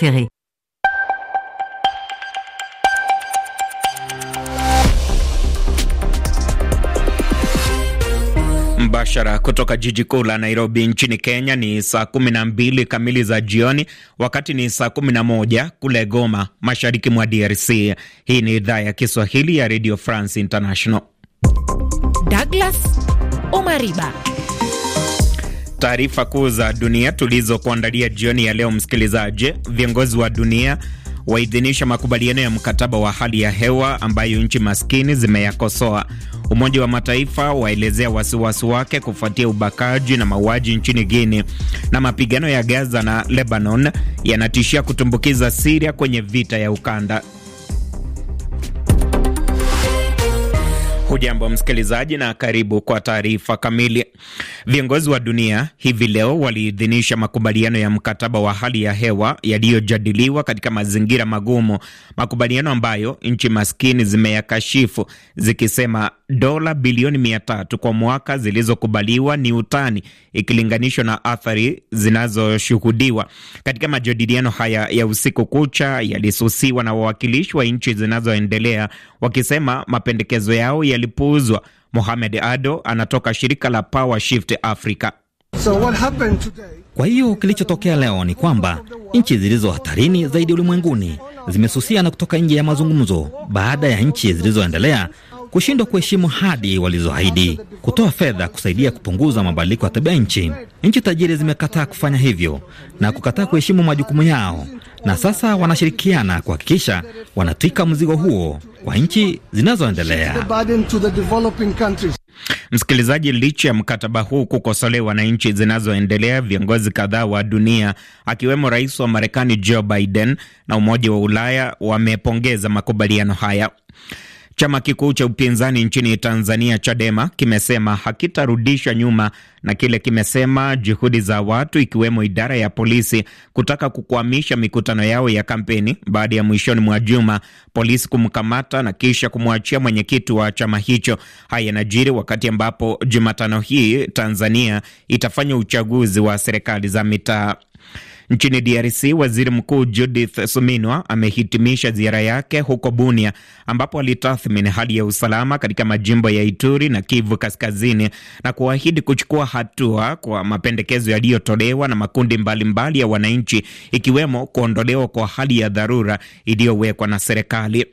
Ferré. Mbashara kutoka jiji kuu la Nairobi nchini Kenya ni saa 12 kamili za jioni, wakati ni saa 11 kule Goma, mashariki mwa DRC. Hii ni idhaa ya Kiswahili ya Radio France International. Douglas Omariba taarifa kuu za dunia tulizokuandalia jioni ya leo, msikilizaji. Viongozi wa dunia waidhinisha makubaliano ya mkataba wa hali ya hewa ambayo nchi maskini zimeyakosoa. Umoja wa Mataifa waelezea wasiwasi wake kufuatia ubakaji na mauaji nchini Guinea, na mapigano ya Gaza na Lebanon yanatishia kutumbukiza Siria kwenye vita ya ukanda. Hujambo msikilizaji, na karibu kwa taarifa kamili. Viongozi wa dunia hivi leo waliidhinisha makubaliano ya mkataba wa hali ya hewa yaliyojadiliwa katika mazingira magumu, makubaliano ambayo nchi maskini zimeyakashifu zikisema dola bilioni mia tatu kwa mwaka zilizokubaliwa ni utani ikilinganishwa na athari zinazoshuhudiwa. Katika majadiliano haya ya usiku kucha, yalisusiwa na wawakilishi wa nchi zinazoendelea wakisema mapendekezo yao ya yalipuuzwa. Mohamed Ado anatoka shirika la Power Shift Africa. So kwa hiyo kilichotokea leo ni kwamba nchi zilizo hatarini zaidi ulimwenguni zimesusiana kutoka nje ya mazungumzo baada ya nchi zilizoendelea kushindwa kuheshimu hadi walizoahidi kutoa fedha kusaidia kupunguza mabadiliko ya tabia nchi. Nchi tajiri zimekataa kufanya hivyo na kukataa kuheshimu majukumu yao, na sasa wanashirikiana kuhakikisha wanatwika mzigo huo kwa nchi zinazoendelea. Msikilizaji, licha ya mkataba huu kukosolewa na nchi zinazoendelea, viongozi kadhaa wa dunia akiwemo rais wa Marekani Joe Biden na Umoja wa Ulaya wamepongeza makubaliano haya. Chama kikuu cha upinzani nchini Tanzania, Chadema, kimesema hakitarudisha nyuma na kile kimesema juhudi za watu ikiwemo idara ya polisi kutaka kukwamisha mikutano yao ya kampeni baada ya mwishoni mwa juma polisi kumkamata na kisha kumwachia mwenyekiti wa chama hicho. Haya yanajiri wakati ambapo Jumatano hii Tanzania itafanya uchaguzi wa serikali za mitaa. Nchini DRC, waziri mkuu Judith Suminwa amehitimisha ziara yake huko Bunia, ambapo alitathmini hali ya usalama katika majimbo ya Ituri na Kivu Kaskazini na kuahidi kuchukua hatua kwa mapendekezo yaliyotolewa na makundi mbalimbali mbali ya wananchi, ikiwemo kuondolewa kwa hali ya dharura iliyowekwa na serikali.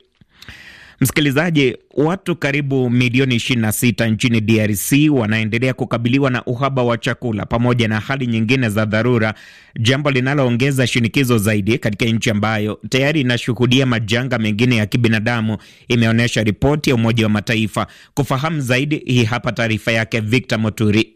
Msikilizaji, watu karibu milioni 26 nchini DRC wanaendelea kukabiliwa na uhaba wa chakula pamoja na hali nyingine za dharura, jambo linaloongeza shinikizo zaidi katika nchi ambayo tayari inashuhudia majanga mengine ya kibinadamu, imeonyesha ripoti ya Umoja wa Mataifa. Kufahamu zaidi, hii hapa taarifa yake Victor Moturi.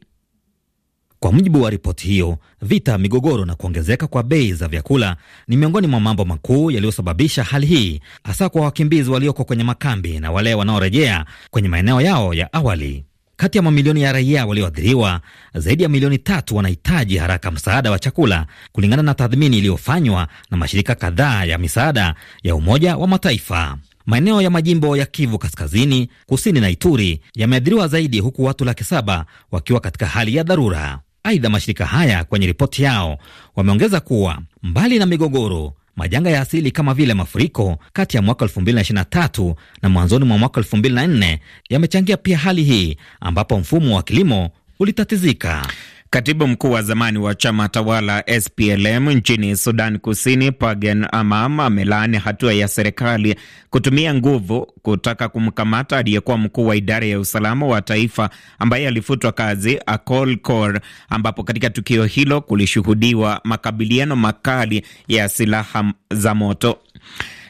Kwa mujibu wa ripoti hiyo, vita, migogoro na kuongezeka kwa bei za vyakula ni miongoni mwa mambo makuu yaliyosababisha hali hii, hasa kwa wakimbizi walioko kwenye makambi na wale wanaorejea kwenye maeneo yao ya awali. Kati ya mamilioni ya raia walioathiriwa, zaidi ya milioni tatu wanahitaji haraka msaada wa chakula, kulingana na tathmini iliyofanywa na mashirika kadhaa ya misaada ya Umoja wa Mataifa. Maeneo ya majimbo ya Kivu Kaskazini, Kusini na Ituri yameathiriwa zaidi, huku watu laki saba wakiwa katika hali ya dharura. Aidha, mashirika haya kwenye ripoti yao wameongeza kuwa mbali na migogoro majanga ya asili kama vile mafuriko kati ya mwaka 2023 na mwanzoni mwa mwaka 2024 yamechangia pia hali hii, ambapo mfumo wa kilimo ulitatizika. Katibu mkuu wa zamani wa chama tawala SPLM nchini Sudan Kusini, pagen Amam, amelaani hatua ya serikali kutumia nguvu kutaka kumkamata aliyekuwa mkuu wa idara ya usalama wa taifa ambaye alifutwa kazi Akol Kor, ambapo katika tukio hilo kulishuhudiwa makabiliano makali ya silaha za moto.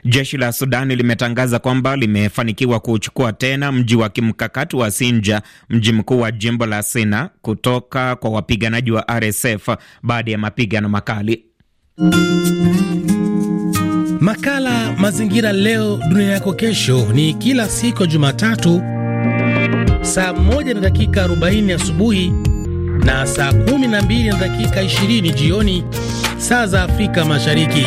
Jeshi la Sudani limetangaza kwamba limefanikiwa kuchukua tena mji wa kimkakati wa Sinja, mji mkuu wa jimbo la Sina, kutoka kwa wapiganaji wa RSF baada ya mapigano makali. Makala Mazingira Leo Dunia Yako Kesho ni kila siku Jumatatu saa 1 na dakika 40 asubuhi na saa 12 na dakika 20 jioni saa za Afrika Mashariki.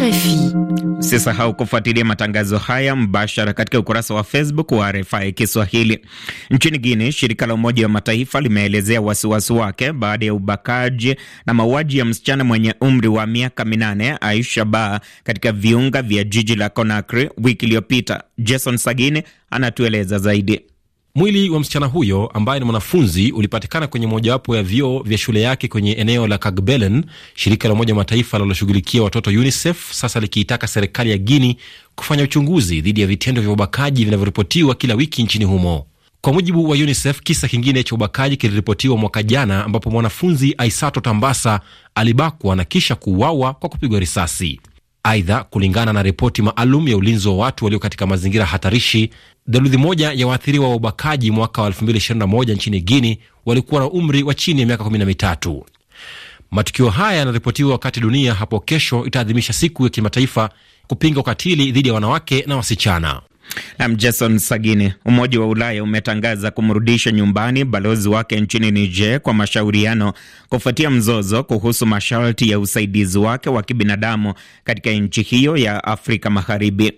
RFI. Usisahau kufuatilia matangazo haya mbashara katika ukurasa wa Facebook wa RFI Kiswahili. Nchini Guine, shirika la Umoja wa Mataifa limeelezea wasiwasi wake baada ya ubakaji na mauaji ya msichana mwenye umri wa miaka minane Aisha Ba katika viunga vya jiji la Conakry wiki iliyopita. Jason Sagini anatueleza zaidi. Mwili wa msichana huyo ambaye ni mwanafunzi ulipatikana kwenye mojawapo ya vyoo vya shule yake kwenye eneo la Kagbelen, shirika la Umoja Mataifa linaloshughulikia watoto UNICEF sasa likiitaka serikali ya Guini kufanya uchunguzi dhidi ya vitendo vya ubakaji vinavyoripotiwa kila wiki nchini humo. Kwa mujibu wa UNICEF, kisa kingine cha ubakaji kiliripotiwa mwaka jana ambapo mwanafunzi Aisato Tambasa alibakwa na kisha kuuawa kwa kupigwa risasi. Aidha, kulingana na ripoti maalum ya ulinzi wa watu walio katika mazingira hatarishi, theluthi moja ya waathiriwa wa ubakaji mwaka wa 2021 nchini Guini walikuwa na umri wa chini ya miaka 13. Matukio haya yanaripotiwa wakati dunia hapo kesho itaadhimisha siku ya kimataifa kupinga ukatili dhidi ya wanawake na wasichana. Nam Jason Sagini. Umoja wa Ulaya umetangaza kumrudisha nyumbani balozi wake nchini Niger kwa mashauriano kufuatia mzozo kuhusu masharti ya usaidizi wake wa kibinadamu katika nchi hiyo ya Afrika Magharibi.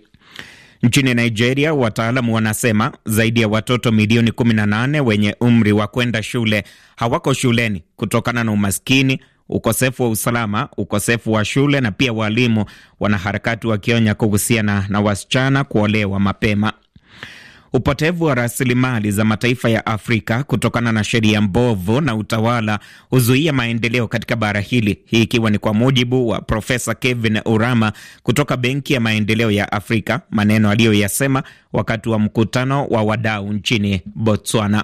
Nchini Nigeria, wataalamu wanasema zaidi ya watoto milioni 18 wenye umri wa kwenda shule hawako shuleni kutokana na umaskini, ukosefu wa usalama, ukosefu wa shule na pia walimu, wanaharakati wakionya kuhusiana na wasichana kuolewa mapema. Upotevu wa rasilimali za mataifa ya Afrika kutokana na sheria mbovu na utawala huzuia maendeleo katika bara hili, hii ikiwa ni kwa mujibu wa Profesa Kevin urama kutoka Benki ya Maendeleo ya Afrika, maneno aliyoyasema wakati wa mkutano wa wadau nchini Botswana.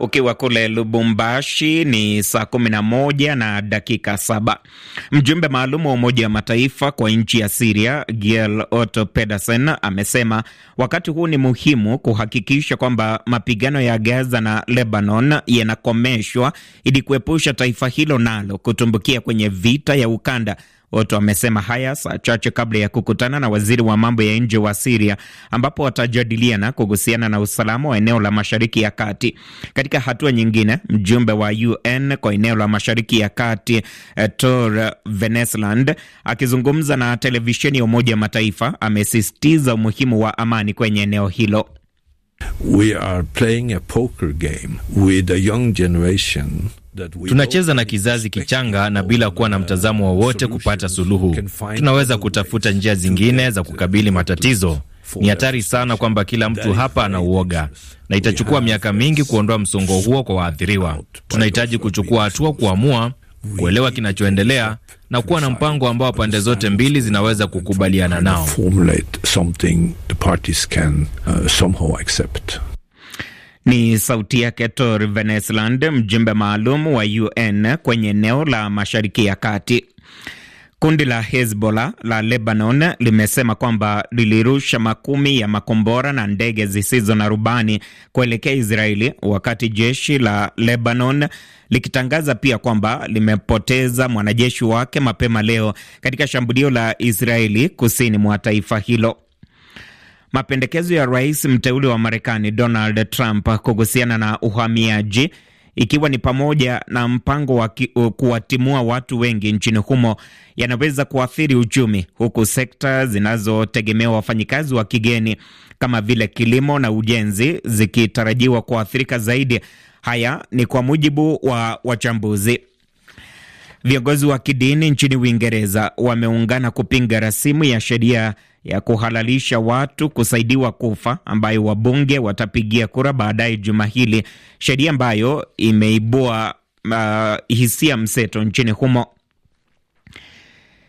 ukiwa kule Lubumbashi ni saa kumi na moja na dakika saba. Mjumbe maalum wa Umoja wa Mataifa kwa nchi ya Siria Gel Otto Pedersen amesema wakati huu ni muhimu kuhakikisha kwamba mapigano ya Gaza na Lebanon yanakomeshwa ili kuepusha taifa hilo nalo kutumbukia kwenye vita ya ukanda Oto amesema haya saa chache kabla ya kukutana na waziri wa mambo ya nje wa Siria, ambapo watajadiliana kuhusiana na usalama wa eneo la mashariki ya kati. Katika hatua nyingine, mjumbe wa UN kwa eneo la mashariki ya kati eh, Tor Venesland akizungumza na televisheni ya Umoja wa Mataifa amesisitiza umuhimu wa amani kwenye eneo hilo. We are playing a poker game with a young generation Tunacheza na kizazi kichanga na bila kuwa na mtazamo wowote kupata suluhu. Tunaweza kutafuta njia zingine za kukabili matatizo. Ni hatari sana kwamba kila mtu hapa ana uoga, na itachukua miaka mingi kuondoa msongo huo kwa waathiriwa. Tunahitaji kuchukua hatua, kuamua, kuelewa kinachoendelea na kuwa na mpango ambao pande zote mbili zinaweza kukubaliana nao. Ni sauti yake Tor Venesland, mjumbe maalum wa UN kwenye eneo la Mashariki ya Kati. Kundi la Hezbollah la Lebanon limesema kwamba lilirusha makumi ya makombora na ndege zisizo na rubani kuelekea Israeli, wakati jeshi la Lebanon likitangaza pia kwamba limepoteza mwanajeshi wake mapema leo katika shambulio la Israeli kusini mwa taifa hilo mapendekezo ya rais mteule wa Marekani Donald Trump kuhusiana na uhamiaji ikiwa ni pamoja na mpango wa uh, kuwatimua watu wengi nchini humo yanaweza kuathiri uchumi, huku sekta zinazotegemea wafanyikazi wa kigeni kama vile kilimo na ujenzi zikitarajiwa kuathirika zaidi. Haya ni kwa mujibu wa wachambuzi. Viongozi wa kidini nchini Uingereza wameungana kupinga rasimu ya sheria ya kuhalalisha watu kusaidiwa kufa ambayo wabunge watapigia kura baadaye juma hili, sheria ambayo imeibua uh, hisia mseto nchini humo.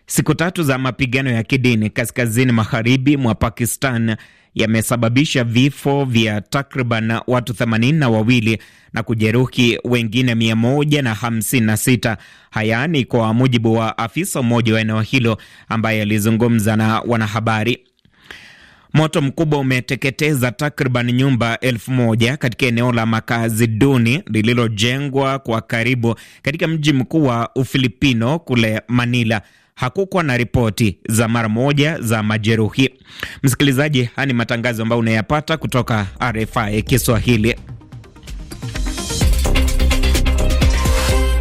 Siku tatu za mapigano ya kidini kaskazini magharibi mwa Pakistan yamesababisha vifo vya takriban watu themanini na wawili na kujeruhi wengine mia moja na hamsini na sita. Haya ni kwa mujibu wa afisa mmoja wa eneo hilo ambaye alizungumza na wanahabari. Moto mkubwa umeteketeza takriban nyumba elfu moja katika eneo la makazi duni lililojengwa kwa karibu katika mji mkuu wa Ufilipino kule Manila hakukuwa na ripoti za mara moja za majeruhi. Msikilizaji, haya ni matangazo ambayo unayapata kutoka RFI Kiswahili.